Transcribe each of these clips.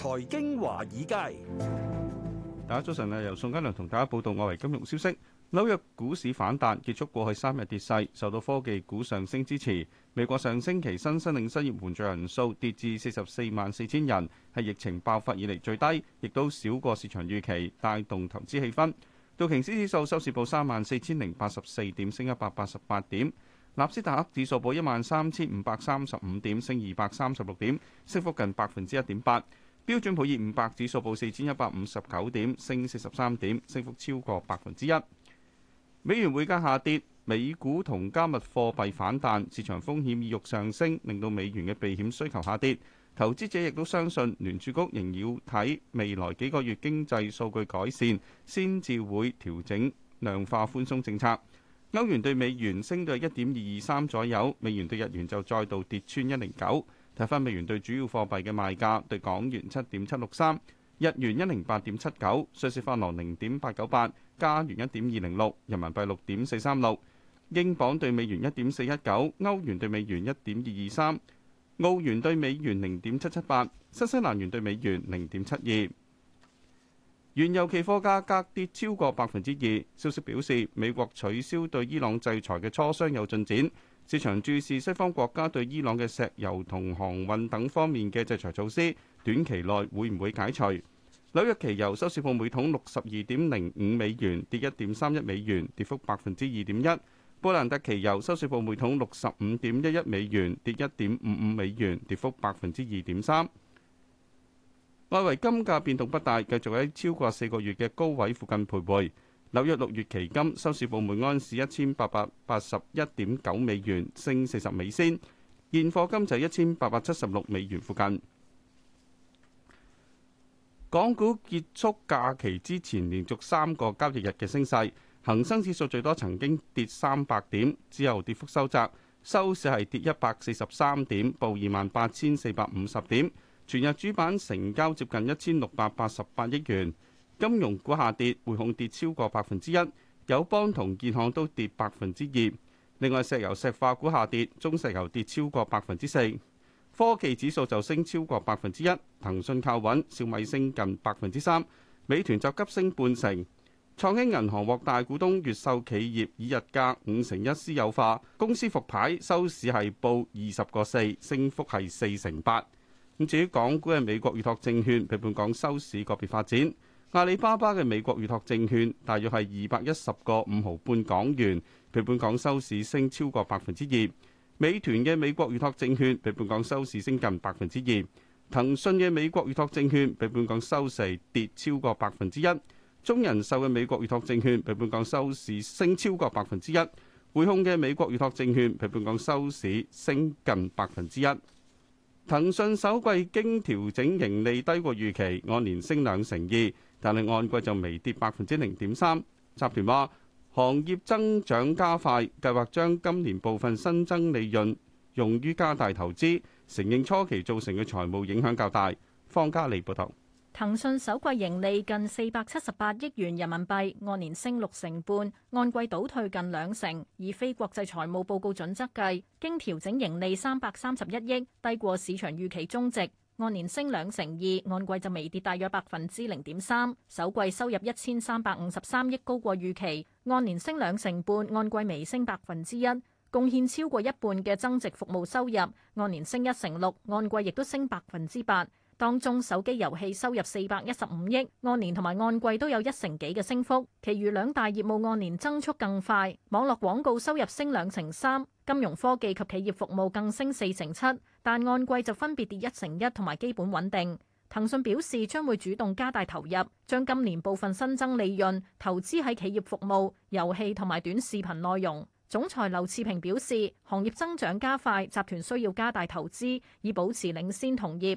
財經華爾街，大家早晨啊！由宋嘉良同大家報道外圍金融消息。紐約股市反彈，結束過去三日跌勢，受到科技股上升支持。美國上星期新申領失業援助人數跌至四十四萬四千人，係疫情爆發以嚟最低，亦都少過市場預期，帶動投資氣氛。道瓊斯指數收市報三萬四千零八十四點，升一百八十八點；納斯達克指數報一萬三千五百三十五點，升二百三十六點，升幅近百分之一點八。標準普爾五百指數報四千一百五十九點，升四十三點，升幅超過百分之一。美元匯價下跌，美股同加密貨幣反彈，市場風險意欲上升，令到美元嘅避險需求下跌。投資者亦都相信聯儲局仍要睇未來幾個月經濟數據改善，先至會調整量化寬鬆政策。歐元兌美元升到一點二二三左右，美元兌日元就再度跌穿一零九。睇翻美元對主要貨幣嘅賣價，對港元七點七六三，日元一零八點七九，瑞士法郎零點八九八，加元一點二零六，人民幣六點四三六，英鎊對美元一點四一九，歐元對美元一點二二三，澳元對美元零點七七八，新西蘭元對美元零點七二。原油期貨價格跌超過百分之二，消息表示美國取消對伊朗制裁嘅磋商有進展。市場注視西方國家對伊朗嘅石油同航運等方面嘅制裁措施，短期內會唔會解除？紐約期油收市報每桶六十二點零五美元，跌一點三一美元，跌幅百分之二點一。布蘭特期油收市報每桶六十五點一一美元，跌一點五五美元，跌幅百分之二點三。外圍金價變動不大，繼續喺超過四個月嘅高位附近徘徊。紐約六月期金收市報每安士一千八百八十一點九美元，升四十美仙。現貨金就一千八百七十六美元附近。港股結束假期之前，連續三個交易日嘅升勢，恒生指數最多曾經跌三百點，之後跌幅收窄，收市係跌一百四十三點，報二萬八千四百五十點。全日主板成交接近一千六百八十八億元。金融股下跌，匯控跌超過百分之一，友邦同建行都跌百分之二。另外，石油石化股下跌，中石油跌超過百分之四。科技指數就升超過百分之一，騰訊靠穩，小米升近百分之三，美團就急升半成。創興銀行獲大股東越秀企業以溢價五成一私有化，公司復牌收市係報二十個四，升幅係四成八。咁至於港股嘅美國預託證券，比本港收市個別發展。阿里巴巴嘅美國預託證券大約係二百一十個五毫半港元，比本港收市升超過百分之二。美團嘅美國預託證券比本港收市升近百分之二。騰訊嘅美國預託證券比本港收市跌超過百分之一。中人壽嘅美國預託證券比本港收市升超過百分之一。匯控嘅美國預託證券比本港收市升近百分之一。騰訊首季經調整盈利低過預期，按年升兩成二。但係按季就微跌百分之零點三。集團話行業增長加快，計劃將今年部分新增利潤用於加大投資，承認初期造成嘅財務影響較大。方嘉利報道，騰訊首季盈利近四百七十八億元人民幣，按年升六成半，按季倒退近兩成。以非國際財務報告準則計，經調整盈利三百三十一億，低過市場預期中值。按年升兩成二，按季就微跌大約百分之零點三。首季收入一千三百五十三億，高過預期，按年升兩成半，按季微升百分之一。貢獻超過一半嘅增值服務收入，按年升一成六，按季亦都升百分之八。當中手機遊戲收入四百一十五億，按年同埋按季都有一成幾嘅升幅。其餘兩大業務按年增速更快，網絡廣告收入升兩成三。金融科技及企業服務更升四成七，但按季就分別跌一成一，同埋基本穩定。騰訊表示將會主動加大投入，將今年部分新增利潤投資喺企業服務遊戲同埋短視頻內容。總裁劉熾平表示，行業增長加快，集團需要加大投資以保持領先同業。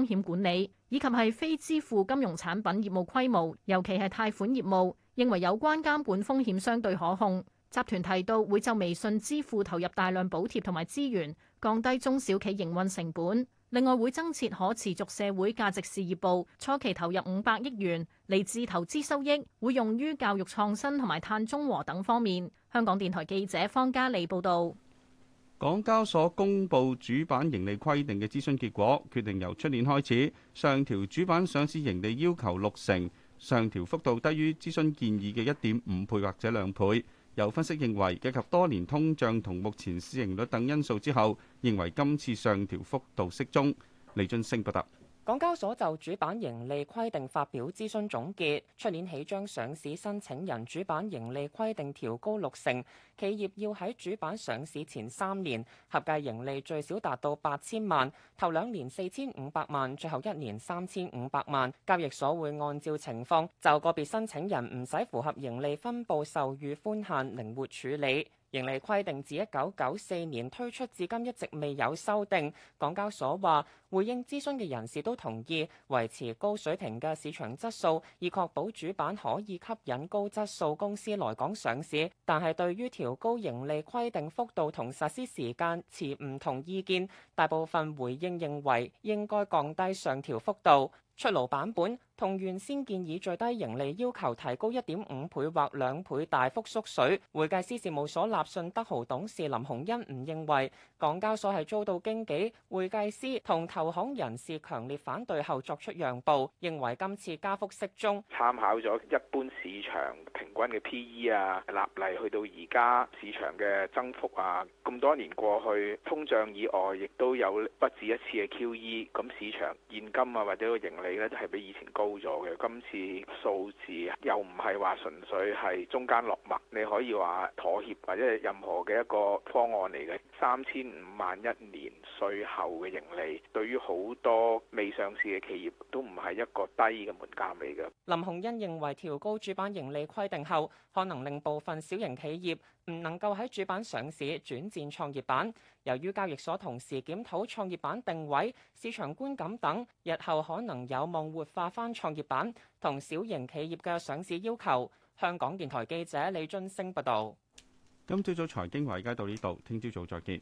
風險管理以及係非支付金融產品業務規模，尤其係貸款業務，認為有關監管風險相對可控。集團提到會就微信支付投入大量補貼同埋資源，降低中小企營運成本。另外會增設可持續社會價值事業部，初期投入五百億元，嚟自投資收益，會用於教育創新同埋碳中和等方面。香港電台記者方嘉莉報道。港交所公布主板盈利規定嘅諮詢結果，決定由出年開始上調主板上市盈利要求六成，上調幅度低於諮詢建議嘅一點五倍或者兩倍。有分析認為，以及多年通脹同目前市盈率等因素之後，認為今次上調幅度適中。李俊升報道。港交所就主板盈利規定發表諮詢總結，出年起將上市申請人主板盈利規定調高六成，企業要喺主板上市前三年合計盈利最少達到八千萬，頭兩年四千五百萬，最後一年三千五百萬。交易所會按照情況就個別申請人唔使符合盈利分布授予寬限靈活處理。盈利規定自一九九四年推出至今一直未有修訂。港交所話，回應諮詢嘅人士都同意維持高水平嘅市場質素，以確保主板可以吸引高質素公司來港上市。但係對於調高盈利規定幅度同實施時間持唔同意見，大部分回應認為應該降低上調幅度。出爐版本。同原先建議最低盈利要求提高一點五倍或兩倍大幅縮水，會計師事務所立信德豪董事林鴻恩唔認為港交所係遭到經紀、會計師同投行人士強烈反對後作出讓步，認為今次加幅適中。參考咗一般市場平均嘅 P/E 啊，立例去到而家市場嘅增幅啊，咁多年過去通脹以外，亦都有不止一次嘅 QE，咁市場現金啊或者個盈利呢，都係比以前高。冇咗嘅今次數字又唔係話純粹係中間落墨，你可以話妥協或者任何嘅一個方案嚟嘅，三千五萬一年。最後嘅盈利對於好多未上市嘅企業都唔係一個低嘅門檻嚟嘅。林鴻恩認為調高主板盈利規定後，可能令部分小型企業唔能夠喺主板上市轉戰創業板。由於交易所同時檢討創業板定位、市場觀感等，日後可能有望活化翻創業板同小型企業嘅上市要求。香港電台記者李津升報道。今朝早財經華爾街到呢度，聽朝早再見。